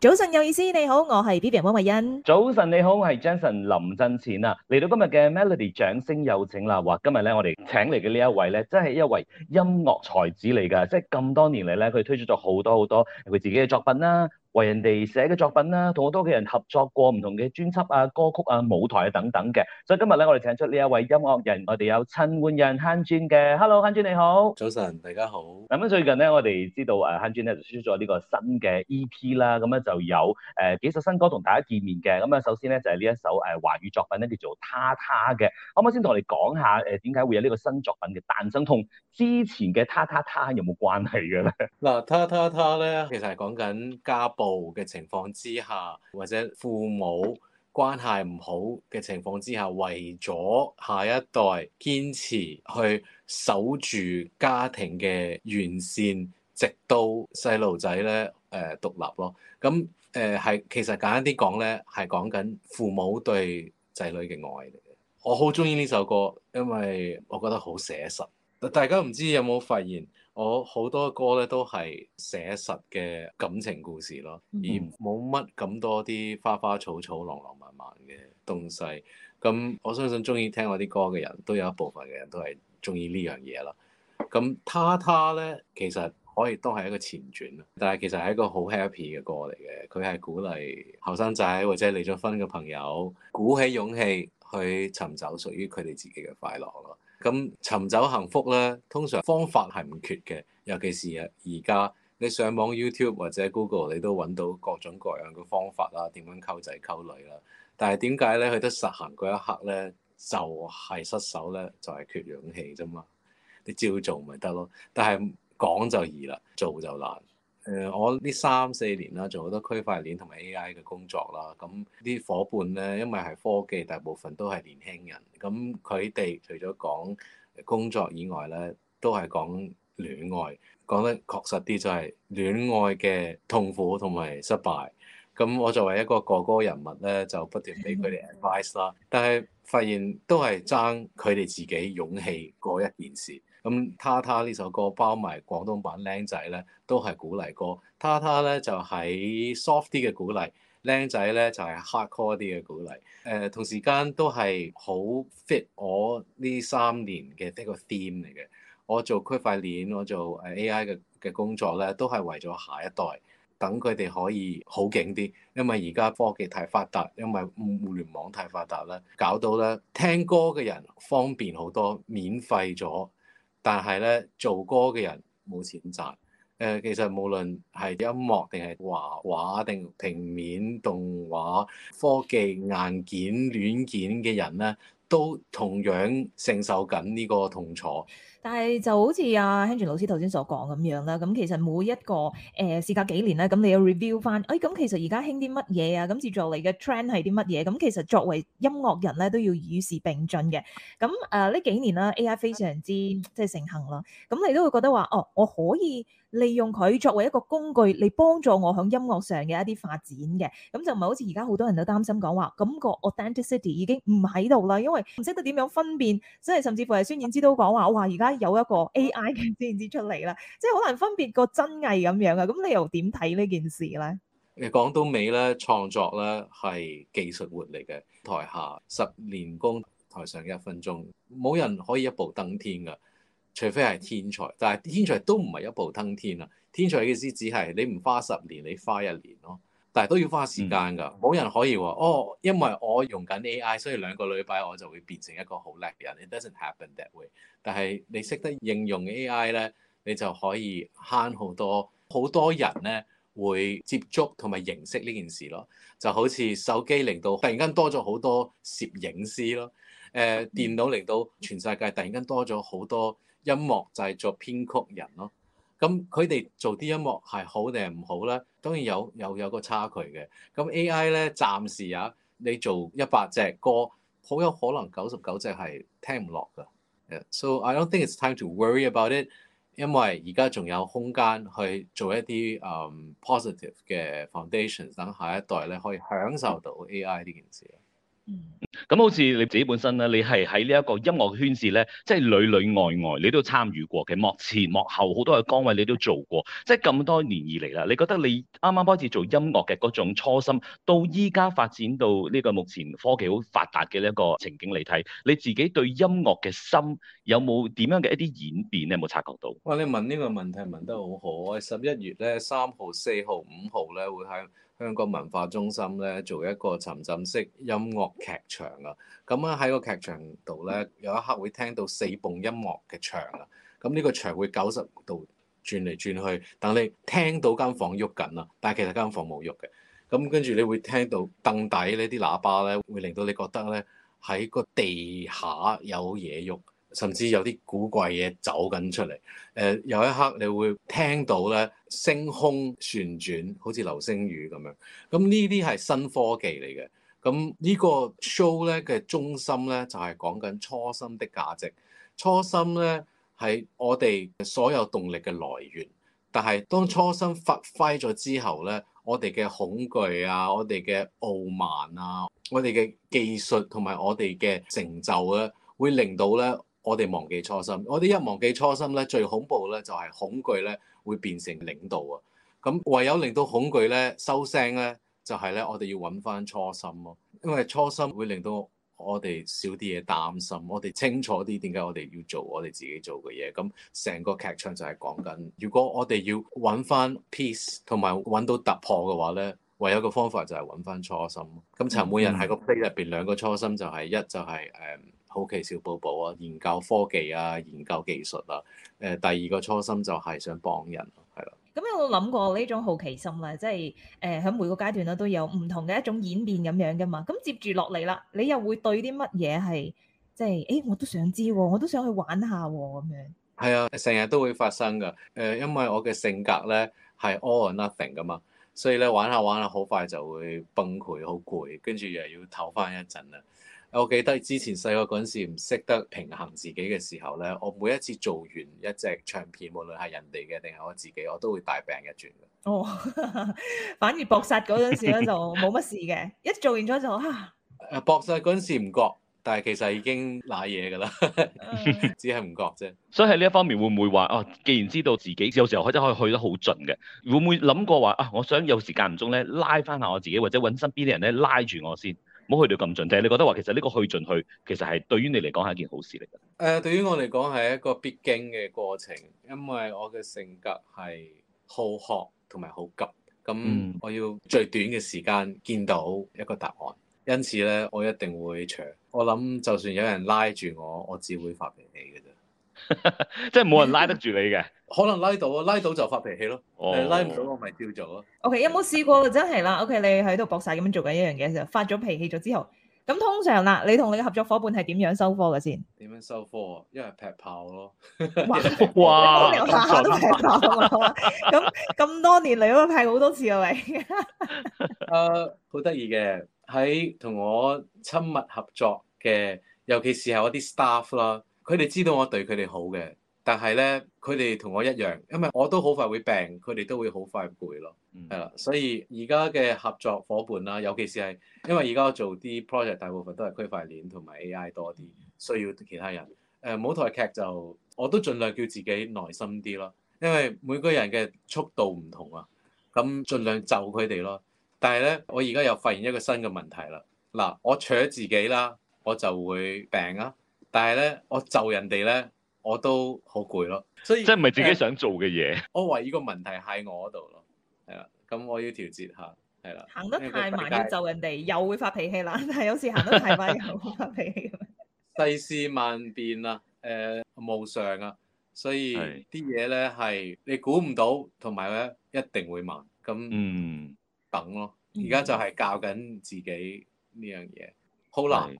早晨有意思，你好，我係 B B 王慧欣，早晨你好，我係 Jason 林振前啊！嚟到今日嘅 Melody 掌聲有請啦！話今日咧，我哋請嚟嘅呢一位咧，真係一位音樂才子嚟噶！即係咁多年嚟咧，佢推出咗好多好多佢自己嘅作品啦。為人哋寫嘅作品啦，同好多嘅人合作過唔同嘅專輯啊、歌曲啊、舞台啊等等嘅，所以今日咧，我哋請出呢一位音樂人，我哋有陳奐仁 Hanjin 嘅，Hello Hanjin 你好，早晨大家好。咁啊、嗯，最近咧，我哋知道誒、啊、，Hanjin 咧就出咗呢輸個新嘅 EP 啦，咁、嗯、咧就有誒、呃、幾首新歌同大家見面嘅。咁、嗯、啊，首先咧就係、是、呢一首誒華、呃、語作品咧叫做《他他》嘅，可唔可以先同我哋講下誒點解會有呢個新作品嘅誕生，同之前嘅《他他他,他,他》有冇關係嘅咧？嗱，《他他他》咧其實係講緊部嘅情況之下，或者父母關係唔好嘅情況之下，為咗下一代堅持去守住家庭嘅完善，直到細路仔咧誒獨立咯。咁誒係其實簡單啲講咧，係講緊父母對仔女嘅愛嚟嘅。我好中意呢首歌，因為我覺得好寫實。大家唔知有冇發現，我好多歌咧都係寫實嘅感情故事咯，mm hmm. 而冇乜咁多啲花花草草、浪浪漫漫嘅東西。咁我相信中意聽我啲歌嘅人都有一部分嘅人都係中意呢樣嘢啦。咁他他呢，其實可以都係一個前傳，但係其實係一個好 happy 嘅歌嚟嘅。佢係鼓勵後生仔，或者離咗婚嘅朋友，鼓起勇氣去尋找屬於佢哋自己嘅快樂咯。咁尋找幸福咧，通常方法係唔缺嘅，尤其是啊而家你上網 YouTube 或者 Google，你都揾到各種各樣嘅方法啦，點樣溝仔溝女啦。但係點解咧？佢得實行嗰一刻咧，就係、是、失手咧，就係、是、缺勇氣啫嘛。你照做咪得咯。但係講就易啦，做就難。誒，我呢三四年啦，做好多區塊鏈同埋 AI 嘅工作啦，咁啲伙伴咧，因為係科技，大部分都係年輕人，咁佢哋除咗講工作以外咧，都係講戀愛，講得確實啲就係戀愛嘅痛苦同埋失敗。咁我作為一個哥哥人物咧，就不斷俾佢哋 advice 啦，但係發現都係爭佢哋自己勇氣過一件事。咁《Tata、嗯》呢首歌包埋廣東版僆仔咧，都係鼓勵歌。《Tata》咧就係、是、soft 啲嘅鼓勵，僆仔咧就係、是、hard core 啲嘅鼓勵。誒、呃、同時間都係好 fit 我呢三年嘅一個 theme 嚟嘅。我做區塊鏈，我做 AI 嘅嘅工作咧，都係為咗下一代，等佢哋可以好勁啲。因為而家科技太發達，因為互聯網太發達啦，搞到咧聽歌嘅人方便好多，免費咗。但係咧，做歌嘅人冇錢賺。誒、呃，其實無論係音樂定係畫畫定平面動畫、科技硬件軟件嘅人咧，都同樣承受緊呢個痛楚。但係就好似阿 Henry 老師頭先所講咁樣啦，咁其實每一個誒事隔幾年咧，咁你要 review 翻，誒、哎、咁其實而家興啲乜嘢啊？咁接住嚟嘅 trend 係啲乜嘢？咁其實作為音樂人咧，都要與時並進嘅。咁誒呢幾年啦，AI 非常之即係盛行啦，咁你都會覺得話哦，我可以利用佢作為一個工具嚟幫助我響音樂上嘅一啲發展嘅。咁就唔係好似而家好多人都擔心講話咁個 authenticity 已經唔喺度啦，因為唔識得點樣分辨，即係甚至乎係孫燕姿都講話我話而家。有一個 AI 嘅先知出嚟啦，即係好難分別個真偽咁樣啊！咁你又點睇呢件事咧？你講到尾咧，創作咧係技術活嚟嘅。台下十年功，台上一分鐘，冇人可以一步登天噶，除非係天才。但係天才都唔係一步登天啊！天才嘅意思只係你唔花十年，你花一年咯。但係都要花時間㗎，冇人可以喎。哦，因為我用緊 AI，所以兩個禮拜我就會變成一個好叻人。It doesn't happen that way。但係你識得應用 AI 呢，你就可以慳好多。好多人呢會接觸同埋認識呢件事咯，就好似手機令到突然間多咗好多攝影師咯，誒、呃、電腦令到全世界突然間多咗好多音樂製作編曲人咯。咁佢哋做啲音樂係好定係唔好咧？當然有有有個差距嘅。咁 A.I. 咧暫時啊，你做一百隻歌，好有可能九十九隻係聽唔落㗎。誒、yeah，so I don't think it's time to worry about it，因為而家仲有空間去做一啲誒、um, positive 嘅 foundation，等下一代咧可以享受到 A.I. 呢件事。嗯。咁好似你自己本身咧，你係喺呢一個音樂圈子咧，即係裏裏外外，你都參與過嘅。幕前幕後好多嘅崗位你都做過，即係咁多年以嚟啦。你覺得你啱啱開始做音樂嘅嗰種初心，到依家發展到呢個目前科技好發達嘅呢一個情景嚟睇，你自己對音樂嘅心有冇點樣嘅一啲演變咧？有冇察覺到？哇！你問呢個問題問得好好，我十一月咧三號、四號、五號咧會喺香港文化中心咧做一個沉浸式音樂劇場。咁啊喺個劇場度咧，有一刻會聽到四部音樂嘅牆啊，咁呢個牆會九十度轉嚟轉去，等你聽到間房喐緊啦，但係其實間房冇喐嘅，咁跟住你會聽到凳底呢啲喇叭咧，會令到你覺得咧喺個地下有嘢喐，甚至有啲古怪嘢走緊出嚟。誒，有一刻你會聽到咧星空旋轉，好似流星雨咁樣，咁呢啲係新科技嚟嘅。咁呢個 show 咧嘅中心咧就係講緊初心的價值。初心咧係我哋所有動力嘅來源，但係當初心發揮咗之後咧，我哋嘅恐懼啊，我哋嘅傲慢啊，我哋嘅技術同埋我哋嘅成就咧，會令到咧我哋忘記初心。我哋一忘記初心咧，最恐怖咧就係恐懼咧會變成領導啊。咁唯有令到恐懼咧收聲咧。就係咧，我哋要揾翻初心咯，因為初心會令到我哋少啲嘢擔心，我哋清楚啲點解我哋要做我哋自己做嘅嘢。咁成個劇場就係講緊，如果我哋要揾翻 peace 同埋揾到突破嘅話咧，唯有一個方法就係揾翻初心。咁陳奐仁喺個 play 入邊兩個初心就係、是、一就係誒好奇小寶寶啊，研究科技啊，研究技術啊。誒第二個初心就係想幫人。咁有冇諗過呢種好奇心咧？即係誒，喺、呃、每個階段咧都有唔同嘅一種演變咁樣噶嘛。咁接住落嚟啦，你又會對啲乜嘢係即係誒、欸？我都想知、啊，我都想去玩下咁、啊、樣。係啊，成日都會發生噶。誒、呃，因為我嘅性格咧係 all or nothing 噶嘛，所以咧玩下玩下好快就會崩潰，好攰，跟住又要唞翻一陣啦。我記得之前細個嗰陣時唔識得平衡自己嘅時候咧，我每一次做完一隻唱片，無論係人哋嘅定係我自己，我都會大病一轉。哦，反而搏殺嗰陣時咧就冇乜事嘅， 一做完咗就嚇、啊。搏殺嗰陣時唔覺，但係其實已經瀨嘢㗎啦，只係唔覺啫。 所以喺呢一方面會唔會話啊、哦？既然知道自己有時候真可以去得好盡嘅，會唔會諗過話啊？我想有時間唔中咧拉翻下我自己，或者揾身邊啲人咧拉住我先。冇去到咁盡，但係你覺得話其實呢個去盡去，其實係對於你嚟講係一件好事嚟嘅。誒、呃，對於我嚟講係一個必經嘅過程，因為我嘅性格係好學同埋好急，咁我要最短嘅時間見到一個答案，因此咧我一定會搶。我諗就算有人拉住我，我只會發脾氣嘅啫。 即係冇人拉得住你嘅，可能拉到啊，拉到就發脾氣咯。Oh. 拉唔到我咪照做咯。OK，有冇試過真係啦？OK，你喺度搏晒咁樣做緊一樣嘢就發咗脾氣咗之後，咁通常啦，你同你嘅合作伙伴係點樣收貨嘅先？點樣收貨？因為劈炮咯。哇！我咁咁多年嚟都派好多次嘅喂。誒，好得意嘅，喺同我親密合作嘅，尤其是係我啲 staff 啦。佢哋知道我對佢哋好嘅，但係呢，佢哋同我一樣，因為我都好快會病，佢哋都會好快攰咯。係啦，所以而家嘅合作伙伴啦，尤其是係因為而家我做啲 project，大部分都係區塊鏈同埋 AI 多啲，需要其他人。誒、呃，舞台劇就我都盡量叫自己耐心啲咯，因為每個人嘅速度唔同啊，咁盡量就佢哋咯。但係呢，我而家又發現一個新嘅問題啦。嗱，我除咗自己啦，我就會病啊。但係咧，我就人哋咧，我都好攰咯，所以即係唔係自己想做嘅嘢。我懷疑個問題喺我嗰度咯，係啦，咁我要調節下，係啦。行得太慢要就人哋，又會發脾氣啦。但係有時行得太快 又會發脾氣。世事萬變啦，誒、呃、無常啊，所以啲嘢咧係你估唔到，同埋咧一定會慢，咁、嗯、等咯。而家就係教緊自己呢樣嘢。好難，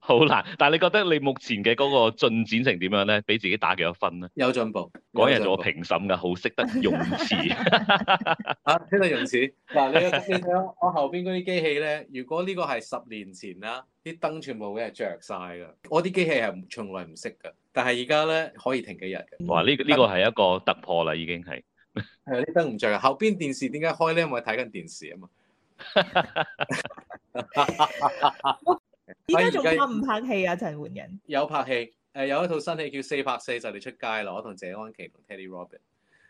好 難。但係你覺得你目前嘅嗰個進展成點樣咧？俾自己打幾多分咧？有進步。嗰日我評審噶，好識得用詞、 啊。啊，真係用詞。嗱，你你睇我後邊嗰啲機器咧？如果呢個係十年前啦，啲燈全部會係着晒噶。我啲機器係從來唔識噶，但係而家咧可以停幾日。哇！呢呢、呢個係一個突破啦，已經係。係啊， 啲燈唔着。後邊電視點解開咧？因為我睇緊電視啊嘛。 拍拍戲啊！而家仲拍唔拍戲啊？陳奐仁有拍戲誒，有一套新戲叫《四拍四》，就嚟出街咯。我同謝安琪同 Teddy Robin，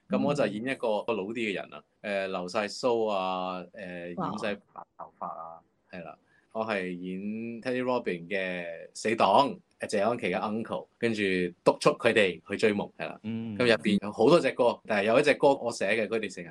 咁、嗯、我就演一個個老啲嘅人啦。誒、呃，留晒鬚啊，誒、呃，染晒白頭髮啊，係啦哇。我係演 Teddy Robin 嘅死黨，誒，謝安琪嘅 uncle，跟住督促佢哋去追夢係啦。咁入邊有好多隻歌，但係有一隻歌我寫嘅，佢哋成日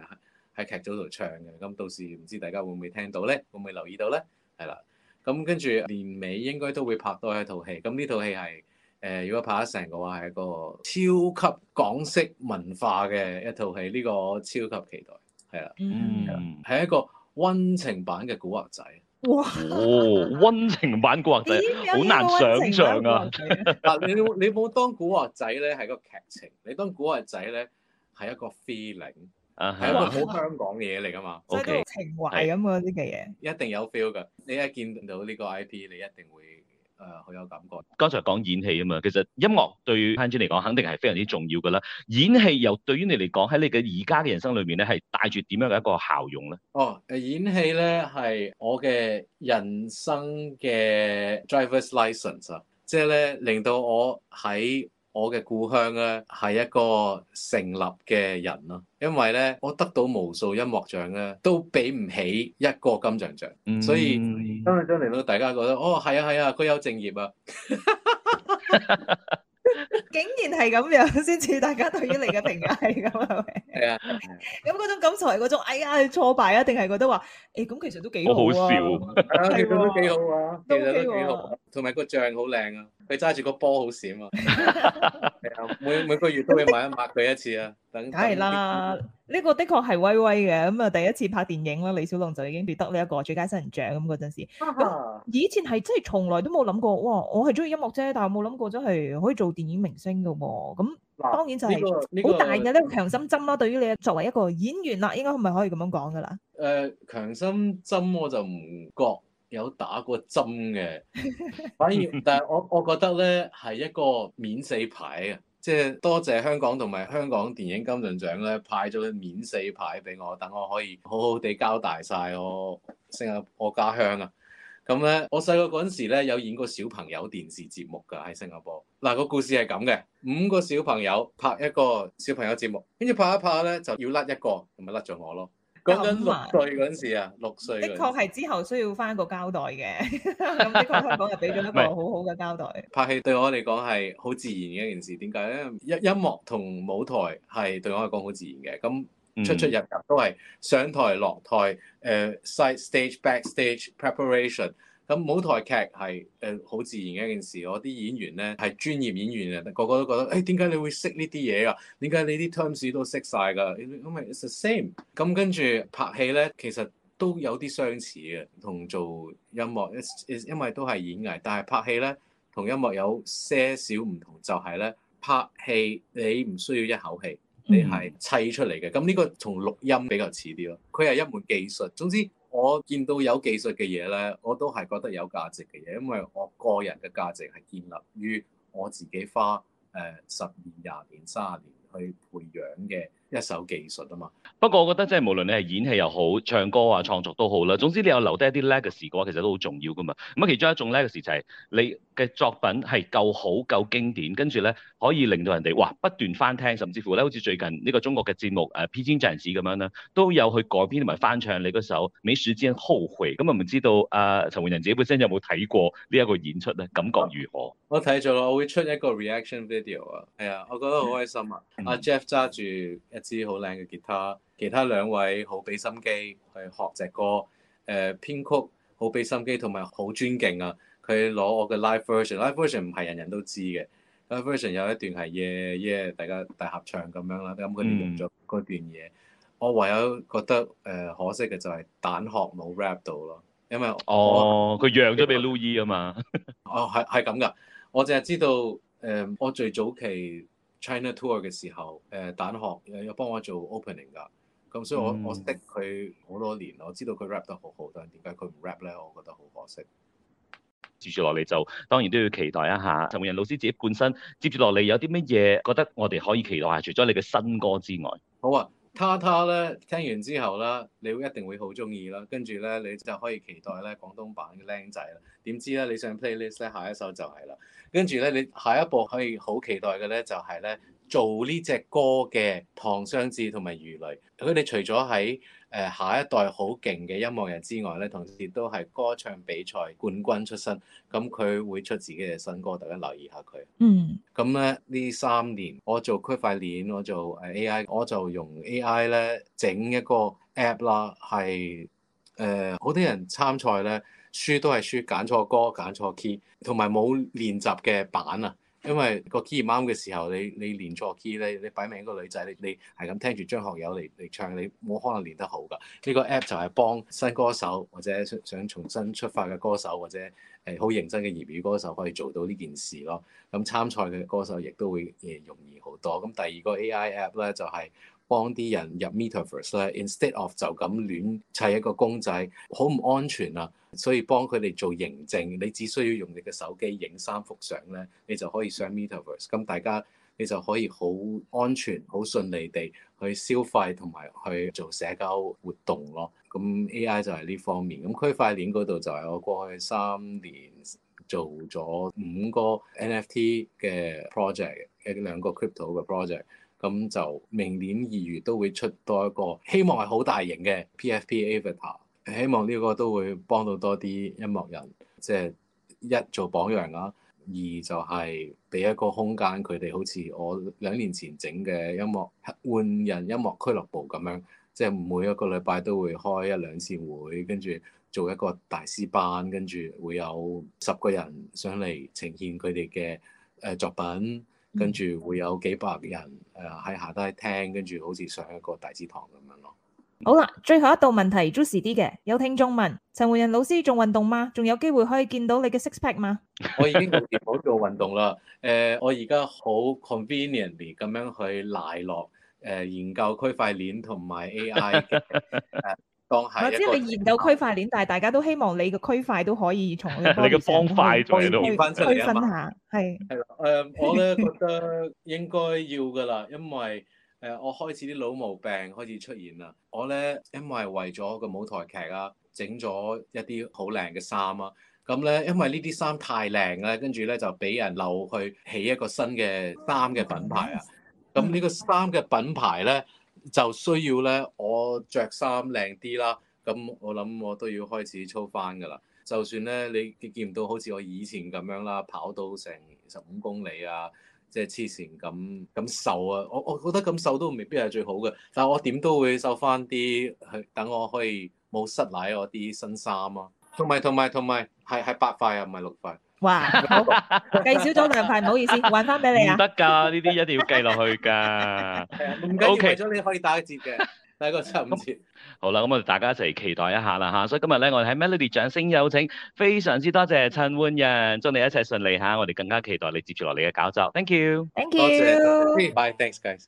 喺劇組度唱嘅。咁到時唔知大家會唔會聽到咧？會唔會留意到咧？係啦，咁跟住年尾應該都會拍多一套戲，咁呢套戲係，誒，如果拍得成嘅話，係一個超級港式文化嘅一套戲，呢、呢個超級期待，係啦，嗯，係一個溫情版嘅古惑仔，哇，哦，溫情、溫情版古惑仔，好難想像啊！嗱， 你你冇當古惑仔咧係個劇情，你當古惑仔咧係一個 feeling。啊，係一個好香港嘢嚟㗎嘛，即係啲情懷咁嗰啲嘅嘢，一定有 feel 㗎。你一見到呢個 IP，你一定會誒好、呃、有感覺。剛才講演戲啊嘛，其實音樂對 Hanjin 嚟講，肯定係非常之重要㗎喇。演戲又對於你嚟講，喺你嘅而家嘅人生裏面咧，係帶住點樣嘅一個效用咧？哦，誒演戲咧係我嘅人生嘅 driver's license 啊，即係咧令到我喺。我嘅故鄉咧係一個成立嘅人咯、啊，因為咧我得到無數音樂獎咧都比唔起一個金像獎，嗯、所以金像獎嚟到大家覺得哦係啊係啊，佢、啊、有正業啊， 竟然係咁樣先至，大家對嚟嘅評價係咁係咪？係啊，咁嗰 種感受係嗰種，哎呀挫敗啊，定係覺得話誒咁其實都幾好，啊，好笑啊， 啊，其實都幾好啊，都幾好同埋個像好靚啊！佢揸住個波好閃啊！ 每每個月都要抹一抹佢一次啊！等，梗係啦，呢個的確係威威嘅咁啊！第一次拍電影啦，李小龍就已經奪得呢一個最佳新人獎咁嗰陣時。啊、咁以前係真係從來都冇諗過，哇！我係中意音樂啫，但係冇諗過真係可以做電影明星嘅喎。咁當然就係好大嘅呢、啊呢個呢個、個強心針啦。對於你作為一個演員啦，應該係咪可以咁樣講㗎啦？誒、呃，強心針我就唔覺。有打過針嘅， 反而，但係我我覺得咧係一個免死牌啊，即係多謝香港同埋香港電影金像獎咧派咗個免死牌俾我，等我可以好好地交代晒我新加坡家鄉啊！咁咧，我細個嗰陣時咧有演過小朋友電視節目㗎喺新加坡，嗱、啊那個故事係咁嘅，五個小朋友拍一個小朋友節目，跟住拍一拍咧就要甩一個，咁咪甩咗我咯。講緊六歲嗰陣時啊，六歲的，的確係之後需要返個交代嘅，咁 的確香港又俾咗一個好好嘅交代。拍戲對我嚟講係好自然嘅一件事，點解咧？音音樂同舞台係對我嚟講好自然嘅，咁出出入入，入都係上台落台，誒、uh, side stage、back stage preparation。咁舞台劇係誒好自然嘅一件事，我啲演員咧係專業演員嘅，個個都覺得誒點解你會識呢啲嘢㗎？點解你啲 terms 都識晒㗎？因為 it's the same。咁跟住拍戲咧，其實都有啲相似嘅，同做音樂。It's, it's, 因為都係演藝，但係拍戲咧同音樂有些少唔同，就係、是、咧拍戲你唔需要一口氣，你係砌出嚟嘅。咁呢個同錄音比較似啲咯，佢係一門技術。總之。我見到有技術嘅嘢呢，我都係覺得有價值嘅嘢，因為我個人嘅價值係建立於我自己花十年、廿年、三十年去培養嘅。一首技術啊嘛，不過我覺得即係無論你係演戲又好，唱歌啊，創作都好啦，總之你有留低一啲 legacy 嘅話，其實都好重要噶嘛。咁啊其中一種 legacy 就係你嘅作品係夠好夠經典，跟住咧可以令到人哋哇、呃、不斷翻聽，甚至乎咧好似最近呢個中國嘅節目誒、啊《披荊斬棘》咁樣啦，都有去改編同埋翻唱你嗰首《美樹之恩後悔》咁啊，唔知道阿陳奐仁自己本身有冇睇過呢一個演出咧？感覺如何？我睇咗啦，我會出一個 reaction video 啊。係啊，我覺得好開心啊。阿 Jeff 揸住。知好靚嘅吉他，其他兩位好俾心機去學隻歌，誒、呃、編曲好俾心機，同埋好尊敬啊！佢攞我嘅 live version，live version 唔係人人都知嘅，live version 有一段係耶耶，大家大合唱咁樣啦，咁佢哋用咗嗰段嘢。我唯有覺得誒、呃、可惜嘅就係蛋殼冇 rap 到咯，因為哦佢讓咗俾 Louis 啊嘛， 哦係係咁噶，我淨係知道誒、呃、我最早期。China tour 嘅時候，誒、呃、蛋殼有有幫我做 opening 㗎，咁所以我、嗯、我識佢好多年，我知道佢 rap 得好好，但係點解佢唔 rap 咧？我覺得好可惜。接住落嚟就當然都要期待一下陳奐仁老師自己本身。接住落嚟有啲乜嘢覺得我哋可以期待下，除咗你嘅新歌之外，好啊。他他咧，聽完之後咧，你會一定會好中意啦。跟住咧，你就可以期待咧廣東版嘅靚仔啦。點知咧，你想 playlist 咧，下一首就係啦。跟住咧，你下一步可以好期待嘅咧，就係、是、咧。做呢隻歌嘅唐傷志同埋魚雷，佢哋除咗喺誒下一代好勁嘅音樂人之外咧，同時都係歌唱比賽冠軍出身。咁佢會出自己嘅新歌，大家留意下佢。嗯。咁咧呢三年，我做區塊鏈，我做 AI，我就用 AI 咧整一個 app 啦，係誒好多人參賽咧，輸都係輸揀錯歌、揀錯 key，同埋冇練習嘅版啊！因為個 key 唔啱嘅時候，你你練錯 key 咧，你擺明一個女仔，你你係咁聽住張學友嚟嚟唱，你冇可能練得好㗎。呢、這個 app 就係幫新歌手或者想重新出發嘅歌手，或者誒好認真嘅業餘歌手可以做到呢件事咯。咁參賽嘅歌手亦都會誒容易好多。咁第二個 AI app 咧就係、是。幫啲人入 metaverse instead of 就咁亂砌一個公仔，好唔安全啊！所以幫佢哋做認證，你只需要用你嘅手機影三幅相咧，你就可以上 metaverse。咁大家你就可以好安全、好順利地去消費同埋去做社交活動咯。咁 AI 就係呢方面。咁區塊鏈嗰度就係我過去三年做咗五個 NFT 嘅 project，一兩個 crypto 嘅 project。咁就明年二月都會出多一個，希望係好大型嘅 PFP Avatar，希望呢個都會幫到多啲音樂人，即係一做榜樣啊，二就係俾一個空間佢哋，好似我兩年前整嘅音樂換人音樂俱樂部咁樣，即係每一個禮拜都會開一兩次會，跟住做一個大師班，跟住會有十個人上嚟呈現佢哋嘅作品。跟住會有幾百人誒喺，呃、下低聽，跟住好似上一個大字堂咁樣咯。好啦，最後一道問題，juicy 啲嘅，有聽眾問陳奐仁老師仲運動嗎？仲有機會可以見到你嘅 six pack 嗎？ 我已經冇做運動啦。誒，呃，我而家好 conveniently 咁樣去賴落誒研究區塊鏈同埋 AI。 我知你研究區塊鏈，但係大家都希望你個區塊都可以從可以 你嘅方塊再翻去出嚟下，係係咯。的 uh, 我咧覺得應該要㗎喇，因為誒、uh, 我開始啲老毛病開始出現啦。我咧因為為咗個舞台劇啊，整咗一啲好靚嘅衫啊，咁咧因為呢啲衫太靚咧，跟住咧就俾人流去起一個新嘅衫嘅品牌啊。咁呢個衫嘅品牌咧。就需要咧，我着衫靚啲啦。咁我諗我都要開始操翻㗎啦。就算咧，你見唔到好似我以前咁樣啦，跑到成十五公里啊，即係黐線咁咁瘦啊。我我覺得咁瘦都未必係最好嘅。但係我點都會瘦翻啲，去等我可以冇失禮我啲新衫啊。同埋同埋同埋係係八塊啊，唔係六塊。哇，好計少咗兩塊，唔好意思，還翻俾你啊！唔得噶，呢啲一定要計落去噶。OK，咁除咗你可以打個折嘅，打個七五折。好啦，咁我哋大家一齊期待一下啦吓。所以今日咧，我哋喺 Melody 掌聲有請，非常之多謝陳奐仁，祝你一切順利吓，我哋更加期待你接住落嚟嘅搞作。Thank you，thank you，bye，thanks，guys。